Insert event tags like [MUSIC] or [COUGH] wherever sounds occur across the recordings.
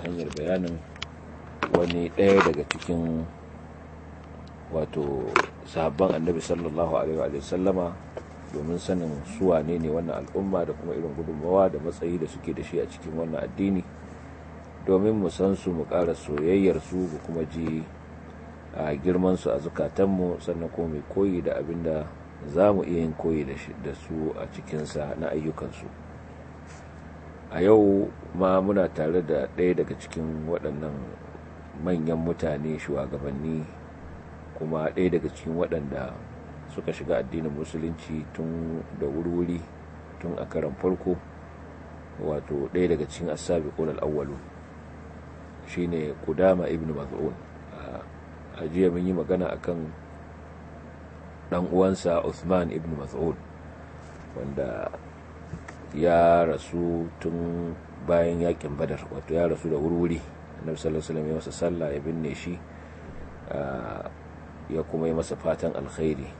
ta hanyar bayanin wani ɗaya daga cikin wato sahabban annabi sallallahu alaihi wa sallama domin sanin suwa ne ne wannan al'umma da kuma irin gudunmawa da matsayi da suke da shi a cikin wannan addini domin mu san su mu ƙara soyayyar su mu kuma ji a girman su a mu sannan kuma mai koyi da abinda za mu iya yin koyi da su a cikinsa na ayyukansu. a yau ma muna tare da ɗaya daga cikin waɗannan manyan mutane shugabanni kuma ɗaya daga cikin waɗanda suka shiga addinin musulunci tun da wurwuri tun a karan farko wato ɗaya daga cikin asabi ƙunar awwalu shine kudama ibn maz'un a jiya mun yi magana akan ɗan uwansa usman ibn mas'ud wanda ya rasu tun bayan yakin badar wato ya rasu da wurwuri annabi sallallahu alaihi ya masa sallah ya binne shi ya kuma yi masa fatan alkhairi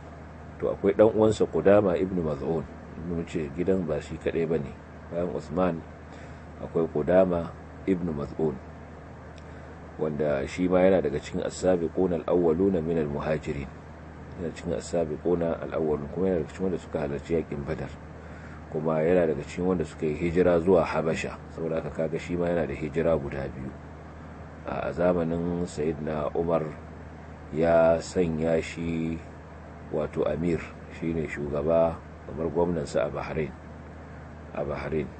to akwai dan uwansa kudama ibn Maz'un mun ce gidan ba shi kadai bane bayan Usman akwai ƙudama ibn Maz'un wanda shi ma yana daga cikin as-sabiquna al-awwaluna min al-muhajirin yana cikin as-sabiquna al-awwalun kuma yana da cikin wanda suka halarci yakin Badar kuma yana daga cikin wanda suka yi hijira zuwa habasha saboda haka kaga shi ma yana da hijira guda biyu a zamanin na umar ya sanya shi wato amir shi ne shugaba kamar gwamnansa a bahrain a bahrain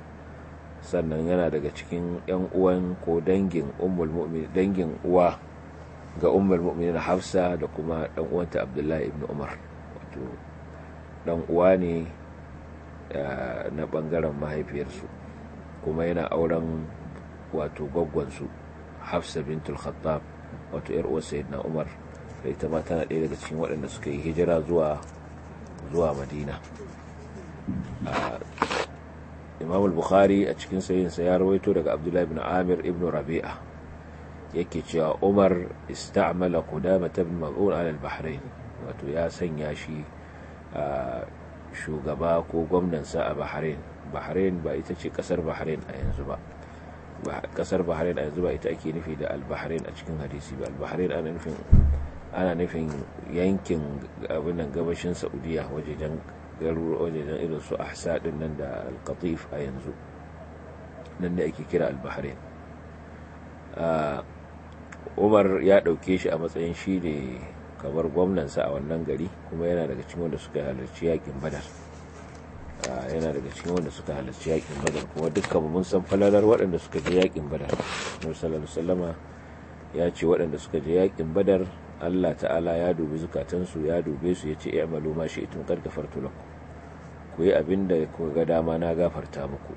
sannan yana daga cikin 'yan uwan ko dangin dangin uwa ga umar mu'minin hafsa da kuma dan uwanta abdullahi ibn umar wato dan uwa ne na bangaren mahaifiyarsu kuma yana auren wato gwaggwansu hafsa bintul khattab wato yar uwar sayyidina umar da ita ma tana ɗaya daga cikin waɗanda suka yi hijira zuwa zuwa madina imam al-bukhari a cikin sayinsa ya rawaito daga abdullahi ibn amir ibn rabi'a yake cewa umar ista'mala kudama ta bin ala al-bahrain wato ya sanya shi shugaba ko gwamnansa a bahrain bahrain ba ita ce kasar bahrain a yanzu ba kasar bahrain a yanzu ba ita ake nufi da al-bahrain a cikin hadisi ba al-bahrain ana nufin ana nufin yankin nan gabashin saudiya wajejen wajejen irin su ahsa din nan da al-qatif a yanzu nan da ake kira al-bahrain ah, umar ya dauke shi a matsayin shi ne kamar gwamnansa a wannan gari kuma yana daga cikin wanda suka halarci yakin badar ah, yana daga cikin wanda suka halarci yakin badar kuma dukkan mun san falalar waɗanda suka je yakin badar nur sallallahu ya ce waɗanda suka je yakin badar Allah ta'ala ya dubi zukatansu ya dube su ya ce ya malu ma shi itin karka fartulaku ku yi abin da ku ga dama na gafarta muku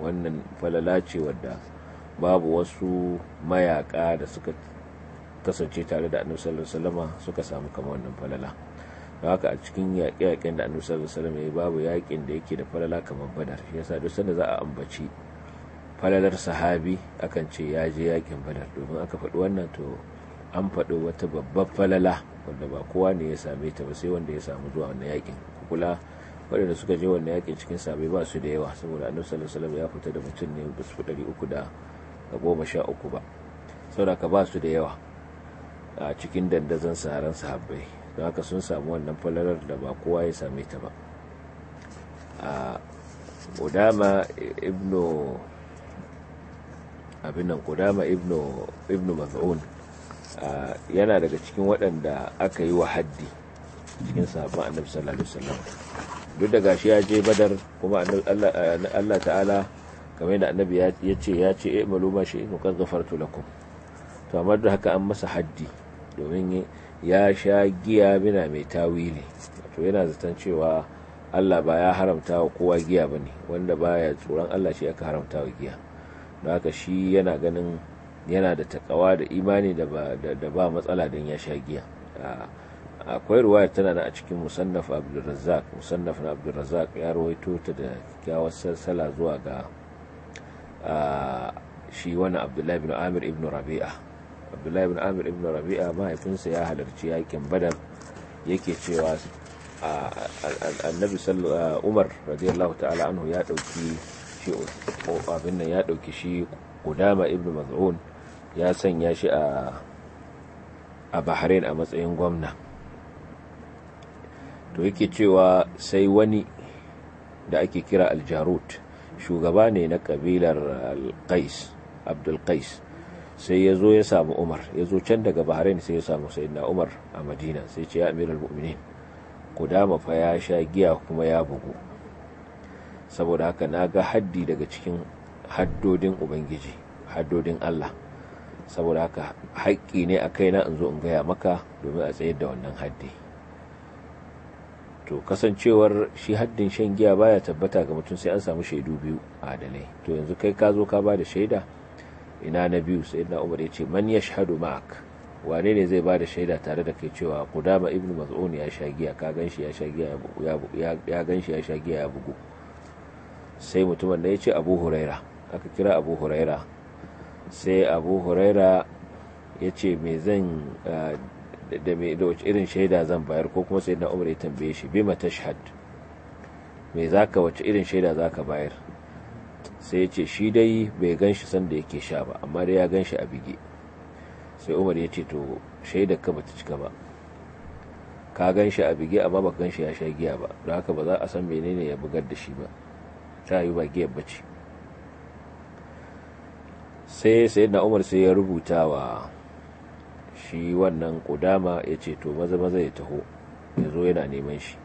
wannan falala ce wadda babu wasu mayaka da suka kasance tare da annabi sallallahu alaihi wasallama suka samu kamar wannan falala haka a cikin yaƙe-yaƙen da annabi sallallahu alaihi wasallam ya babu yaƙin da yake da falala kamar badar shi yasa duk sanda za a ambaci falalar sahabi akan ce ya je yaƙin badar domin aka faɗi wannan to an faɗi wata babbar falala wanda ba kowa ne ya same ta ba sai wanda ya samu zuwa wannan yaƙin kula da suka je wannan yaƙin cikin sabai ba su da yawa saboda annabi sallallahu alaihi wasallam ya fita da mutum ne ba su fi ɗari uku da goma sha uku ba saboda ka ba su da yawa a cikin dandazon saharan sahabbai don haka sun samu wannan falalar da ba kowa ya same ta ba a kudama ibnu abin kudama ibnu ibnu yana daga cikin waɗanda aka yi wa haddi cikin sahabban annabi sallallahu alaihi wasallam duk da gashi ya je badar kuma Allah ta'ala kamar yadda annabi ya ce ya ce eh maluma shi in kan gafartu lakum to amma da haka an masa haddi domin ya sha giya bina mai tawili to yana zaton cewa allah ba ya haramta wa kowa giya ba ne wanda baya tsoron allah shi aka haramta wa giya don haka shi yana ganin yana da takawa da imani da ba matsala don ya sha giya akwai ruwaya tana da a cikin musannaf abdulrazzaq musannaf na abdulrazzaq ya rawaito ta da kyawar sassala zuwa ga shi wani abdullahi bin amir ibn rabi'a abdullahi ibn amir ibn rabi'a mahaifinsa ya halarci yakin badar yake cewa annabi umar radiyallahu ta'ala anhu ya dauki shi abin nan ya dauki shi kudama ibn maz'un ya sanya shi a a bahrain a matsayin gwamna to yake cewa sai wani da ake kira aljarut shugaba ne na kabilar alqais abdul qais sai ya zo ya samu umar ya zo can daga bahrain sai ya samu na umar a madina sai ce ya amiral mu'minin kudama fa ya sha giya kuma ya bugu saboda haka na ga haddi daga cikin haddodin ubangiji haddodin allah saboda haka haƙƙi ne a kai na in zo in gaya maka domin a tsayar da wannan haddi to kasancewar shi haddin shan giya baya tabbata ga mutum sai an samu shaidu biyu adalai to yanzu kai ka zo ka ba da shaida ina na biyu sai na umar ya ce man ya shahadu ma'ak wane ne zai ba da shaida tare da kai cewa kudama ibn maz'un ya sha giya ka ganshi ya sha giya ya sha giya ya bugu sai mutumin da ya ce abu huraira aka kira abu huraira sai abu huraira ya ce me zan da me da wace irin shaida zan bayar ko kuma sai na umar ya tambaye shi bima tashhad me zaka wace irin shaida zaka bayar sai ya ce shi dai bai gan shi sanda yake sha ba amma dai ya gan shi a bige sai umar ya ce to shaidar ka bata cika ba ka gan shi a bige amma ba gan shi ya sha giya ba don haka ba za a san menene ya bugar da shi ba ta yi ba giyar bace sai sai na umar sai ya rubuta wa shi wannan kudama ya ce to maza maza ya taho ya zo yana neman shi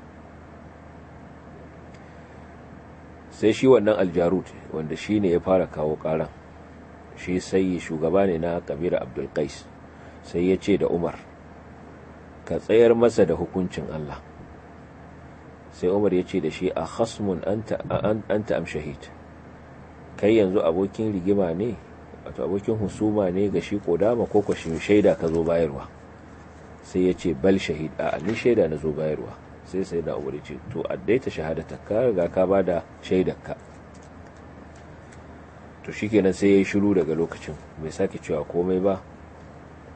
sai shi wannan aljarut wanda shi ne ya fara kawo karan shi sai shugaba ne na kabira abdulkais sai ya ce da umar ka tsayar masa da hukuncin allah sai umar ya ce da shi a khasmun an ta'am shahid kai yanzu abokin rigima ne wato abokin husuma ne ga shi kodama ko kwashin shaida ka zo bayarwa sai ya ce bal shahid a ni shaida na zo bayarwa sai sai na umar ce to addaita shahadata ka riga ka ba da shaidarka to shikenan sai ya shiru daga lokacin mai sake cewa komai ba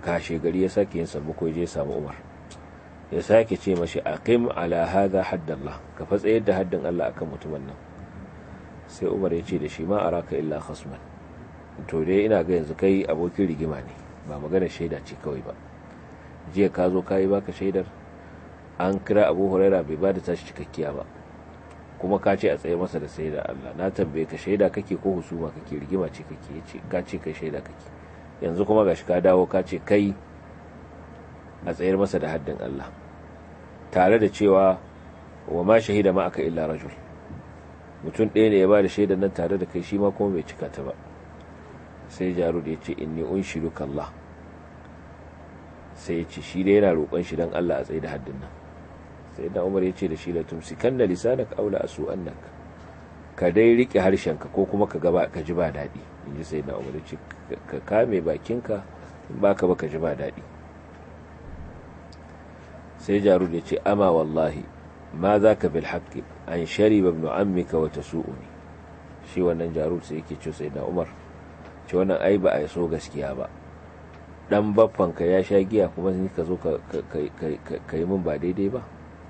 kashe gari ya sake yin sabu ya je samu umar ya sake ce mashi aqim ala hadha haddallah ka fatsayar da haddin Allah akan mutumin nan sai umar ya ce da shi ma araka illa khasman to dai ina ga yanzu kai abokin rigima ne ba magana shaida ce kawai ba jiya ka zo kai baka shaidar an kira abu huraira bai ba da tashi cikakkiya ba kuma ka ce a tsaye masa da sai da Allah na tambaye ka shaida kake ko husuma kake rigima ce kake ce ka ce kai shaida kake yanzu kuma gashi ka dawo ka ce kai a tsayar masa da haddin Allah tare da cewa wa ma shahida ma aka illa rajul mutum ɗaya ne ya ba da shaidan nan tare da kai shi ma kuma bai cika ta ba sai jarud ya ce inni unshiduka Allah sai ya ce shi dai yana roƙon shi dan Allah a tsaye da haddin nan sai da umar ya ce da shi la tumsikan na lisanak aula a su annak ka dai riƙe harshenka ko kuma ka gaba ka ji ba daɗi in ji sai da umar ya ce ka kame bakinka in ba ka ba ka ji ba daɗi sai jaru ya ce ama wallahi ma za ka bil haƙƙi an shari babnu ammika wata su'uni shi wannan jaru sai yake ce sai da umar ce wannan ai ba a so gaskiya ba dan baffanka ya sha giya kuma ni ka zo ka yi min ba daidai ba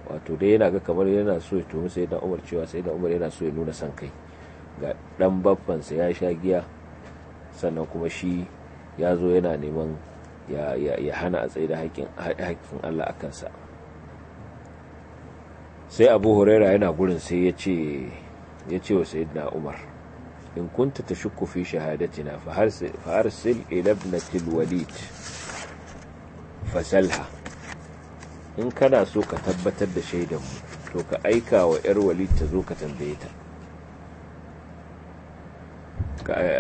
wato dai yana ga kamar yana so ya tumi sai umar cewa sai umar yana so ya nuna son kai ga dan baffansa ya sha giya sannan kuma shi ya zo yana neman ya hana a tsaye da haƙƙin allah a kansa sai abu huraira yana gurin sai ya ce wa sayyidina umar in kunta ta shukku fi shahadatina fa arsil ila ibnati alwalid fasalha in kana so ka tabbatar da shaidan mu to ka aika wa yar walid ta zo ka tambaye ta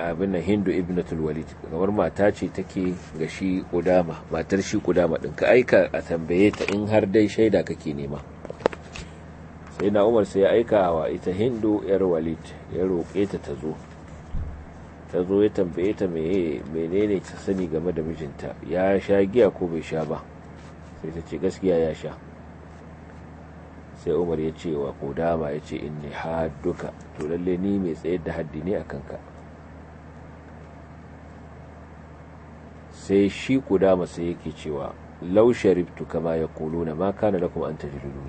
abin nan hindu ibnatul walid kamar mata ce take ga shi kudama matar shi kudama din ka aika a tambaye ta in har dai shaida kake nema sai na umar sai ya aika wa ita hindu yar walid ya roƙe ta ta zo ta zo ya tambaye ta menene ta sani game da mijinta ya sha giya ko bai sha ba sai ta ce gaskiya ya sha sai umar ya ce wa kodama ya ce in inni haduka to lalle ni mai tsayar da haddi ne a kanka sai shi kodama sai yake cewa lau sharibtu kama ya na ma kana kuma an tajridu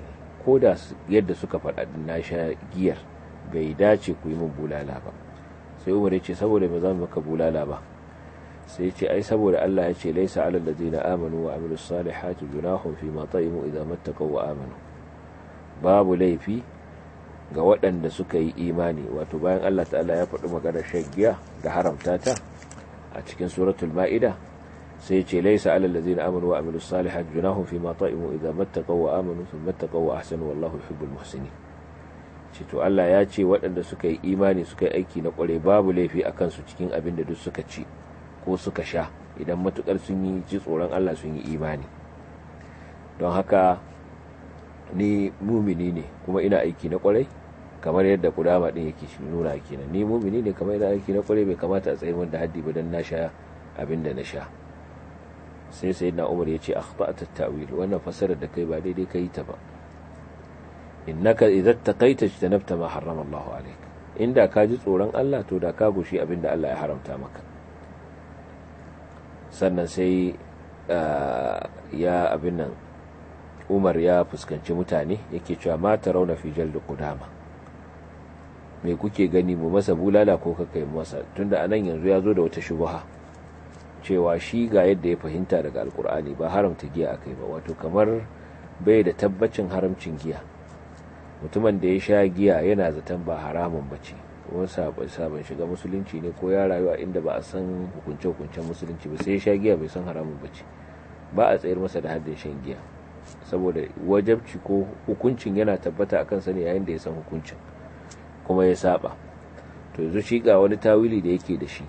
ko da yadda suka faɗa na sha giyar bai dace ku yi min bulala ba sai umar ya ce saboda ba za mu maka bulala ba sai ce ai saboda Allah ya ce laisa alal ladina amanu wa amilus salihati junahum fi ma ta'imu idza mattaqu wa amanu babu laifi ga waɗanda suka yi imani wato bayan Allah ta'ala ya faɗi magana shan giya da haramta ta a cikin suratul ma'ida sai ce laisa alal ladina amanu wa amilus salihati junahum fi ma ta'imu idza mattaqu wa amanu thumma mattaqaw wa ahsanu wallahu yuhibbul muhsinin ce to Allah ya ce waɗanda suka yi imani suka yi aiki na ƙware babu laifi a kansu cikin abin da duk suka ci ko suka sha idan matukar sun yi ji tsoron Allah sun yi imani don haka ni mumini ne kuma ina aiki na kwarai kamar yadda kudama din yake shi nuna kenan ni mumini ne kamar yadda aiki na kwarai bai kamata a tsaye wanda haddi ba dan na sha abin da na sha sai sai na umar ya ce akhta'ta ta'wil wannan fasarar da kai ba daidai kai ta ba innaka idza ta nafta ma harrama Allahu in inda ka ji tsoron Allah to da ka gushi abin da Allah ya haramta maka sannan sai ah, ya abin nan umar ya fuskanci mutane yake cewa mata rauna fijal da kudama Me kuke gani mu masa bulala ko kaka yi masa tunda anan yanzu ya zo da wata shubaha cewa shi ga yadda ya fahimta daga alkur'ani ba haramta giya a kai ba wato kamar bai da tabbacin haramcin giya mutumin da ya sha giya yana zaton ba haramun ba wasa sabon shiga musulunci ne ko ya rayu a inda ba a san hukunce hukuncen musulunci ba sai ya sha giya bai san haramun ba ce ba a tsayar masa da haddin shan giya saboda wajabci ko hukuncin yana tabbata akan sani sani yayin da ya san hukuncin kuma ya saba to yanzu shi ga wani tawili da yake da shi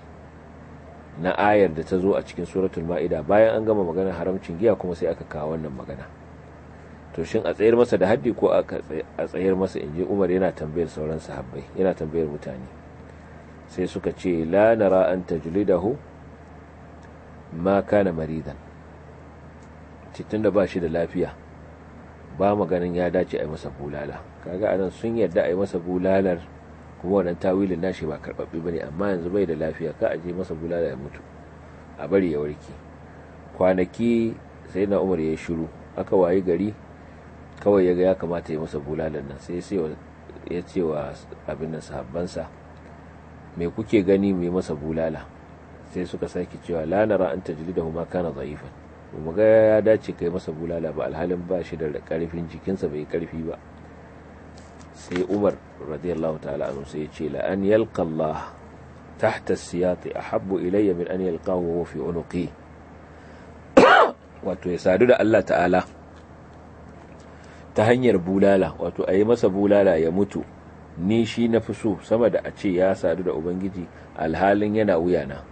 na ayar da ta zo a cikin suratul ma'ida bayan an gama maganar haramcin giya kuma sai aka kawo wannan magana to shin a tsayar masa da haddi ko a tsayar masa in ji umar yana tambayar sauran sahabbai yana tambayar mutane sai suka ce la nara an hu! ma kana maridan cikin da ba shi da lafiya ba maganin ya dace a yi masa bulala kaga anan sun yarda a yi masa bulalar kuma wannan tawilin nashi ba karɓaɓɓe ba ne amma yanzu bai da lafiya ka a je masa bulala ya mutu a bari ya warke kwanaki sai na umar ya yi shiru aka wayi gari kawai ya ga ya kamata ya masa bulalar nan sai ya ce wa abin nan sahabbansa mai kuke gani mai masa bulala sai suka sake cewa la ta an da kuma kana za'ifan mu ga ya dace kai masa bulala ba alhalin ba shi da karfin jikinsa bai karfi ba sai Umar radiyallahu ta'ala anu sai ya ce la an yalqa Allah tahta siyati ahabbu ilayya min an yalqahu fi unuqi [COUGHS] wato ya sadu da Allah ta'ala ta hanyar bulala wato a masa bulala ya mutu ni shi na fi so sama da a ce ya sadu da ubangiji alhalin yana wuyana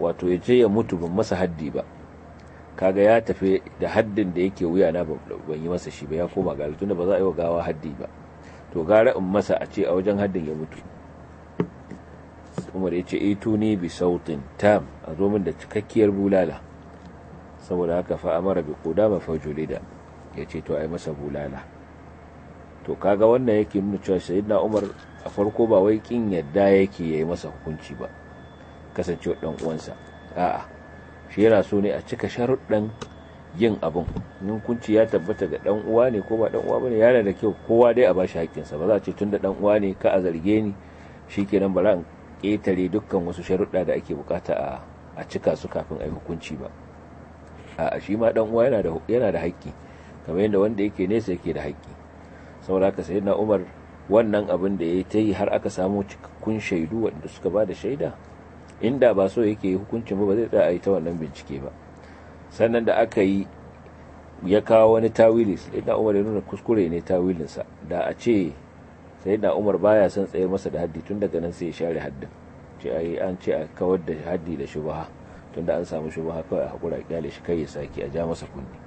wato ya ce ya mutu ban masa haddi ba kaga ya tafi da haddin da yake wuyana ban yi masa shi ba ya koma ga tunda ba za a yi wa gawa haddi ba to gara in masa a ce a wajen haddin ya mutu umar ya ce ito ne bi sautin tam a zo min da cikakkiyar bulala saboda haka fa amara bi kodama fajulida ya ce to ai masa bulala to kaga wannan yake nuna cewa sayyidina umar a farko ba wai kin yadda yake yayi masa hukunci ba kasance dan uwansa a'a shi yana so ne a cika sharuɗan yin abun kunci ya tabbata ga dan uwa ne ko ba dan uwa bane yana da kyau kowa dai a bashi sa ba za a ce tunda dan uwa ne ka a zarge ni shikenan ba ran ketare dukkan wasu sharuɗa da ake bukata a cika su kafin a yi hukunci ba a shi ma dan uwa yana da yana da haƙƙi kamar yadda wanda yake nesa yake da haƙƙi saboda haka sayyidina umar wannan abin da yayi ta yi har aka samu cikakkun shaidu wanda suka ba da shaida inda ba so yake hukuncin ba ba zai tsaya a yi ta wannan bincike ba sannan da aka yi ya kawo wani tawili sayyidina umar ya nuna kuskure ne tawilinsa da a ce sayyidina umar baya son tsaye masa da haddi tun daga nan sai ya share haddin ce ai an ce a kawar da haddi da shubaha tunda an samu shubaha kawai a hakura kyale shi kai ya saki a ja masa kunni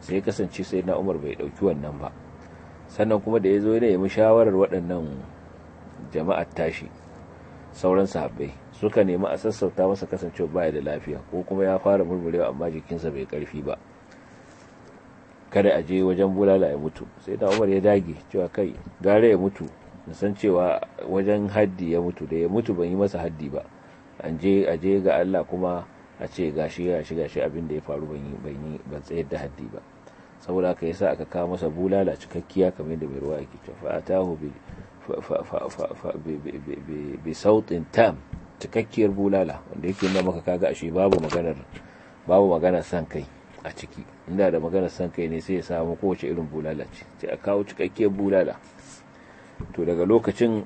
sai kasance sai na umar bai dauki wannan ba sannan kuma da ya zo ya nemi shawarar waɗannan jama'ar tashi sauran sahabbai suka nemi a sassauta masa kasancewa baya da lafiya ko kuma ya fara murmurewa amma jikinsa bai karfi ba kada a je wajen bulala ya mutu sai na umar ya dage cewa kai gara ya mutu na san cewa wajen haddi ya mutu da ya mutu ban yi masa haddi ba an je je ga Allah kuma a ce gashi gashi gashi abin da ya faru ban yi ban tsayar da haddi ba saboda haka yasa aka kawo masa bulala cikakkiya kamar yadda mai ruwa yake cewa atahu bi bi sautin tam cikakkiyar bulala wanda yake nuna maka kaga ashe babu maganar babu maganar san kai a ciki inda da maganar san kai ne sai ya samu kowace irin bulala ce sai a kawo cikakkiyar bulala to daga lokacin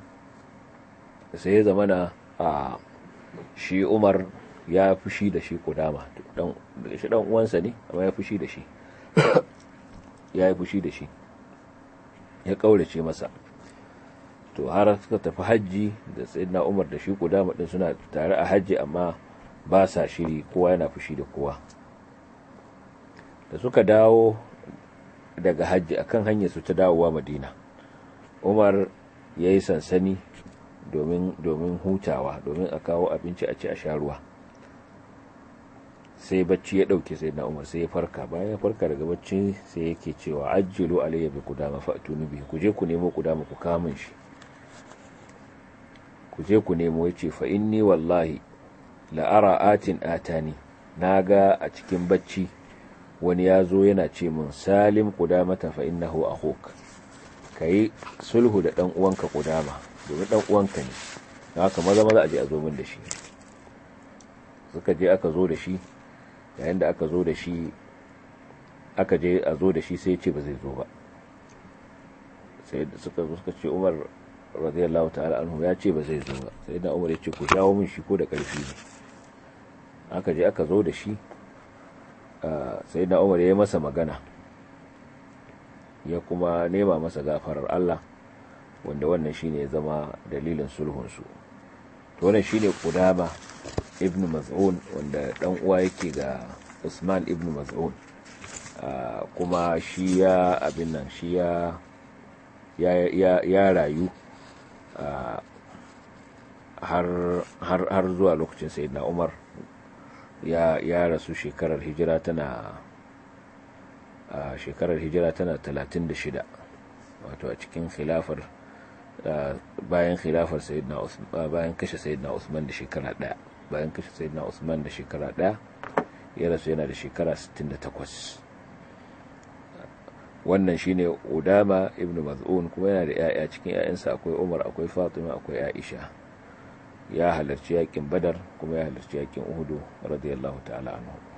sai ya zamana a ah, shi umar ya fi shi da shi kudama shi dan uwansa ne amma ya shi da shi ya yi fushi da shi ya kaurace masa to har suka tafi hajji da sayyidina umar da shi kudama ɗin suna tare a hajji amma ba sa shiri kowa yana fushi da kowa da suka dawo daga hajji akan hanyar su ta dawowa madina umar ya yi sansani domin hutawa domin a kawo abinci a ci a sha ruwa sai bacci ya dauke sai na umar sai ya farka bayan ya farka daga bacci sai yake cewa ajjilu alayya bi kudama fatuni bi ku je ku nemo kudama ku kamun shi ku je ku nemo yace fa inni wallahi la ara atin atani naga a cikin bacci wani ya zo yana ce min salim kudamata fa innahu akhuk kai sulhu da dan uwanka kudama domin dan uwanka ne haka maza maza a je a zo min da shi suka je aka zo da shi yayin da aka zo da shi aka je a zo da shi sai ce ba zai zo ba sai suka suka ce Umar radiyallahu ta'ala anhu ya ce ba zai zo ba sai da Umar ya ce ku shawo min shi ko da karfi ne aka je aka zo da shi sai da Umar ya masa magana ya kuma nema masa gafarar Allah wanda wannan shine ya zama dalilin sulhunsu su wannan shine kudama ibn maz'un wanda dan uwa yake ga usman ibn maz'un ah, kuma shi ya abin nan shi ya ya rayu ah, har zuwa lokacin sayyidina umar ya rasu shekarar hijira tana ah, shekarar hijira tana 36 wato a cikin khilafar bayan khilafar sayyidina Usman bayan kashe sayyidina Usman da shekara 1 bayan kashe sayyidina Usman da shekara 1 ya rasu yana da shekara 68 wannan shine Udama ibn Maz'un kuma yana da yaya cikin yayansa akwai Umar akwai Fatima akwai Aisha ya halarci yakin Badar kuma ya halarci yakin Uhud radiyallahu ta'ala anhu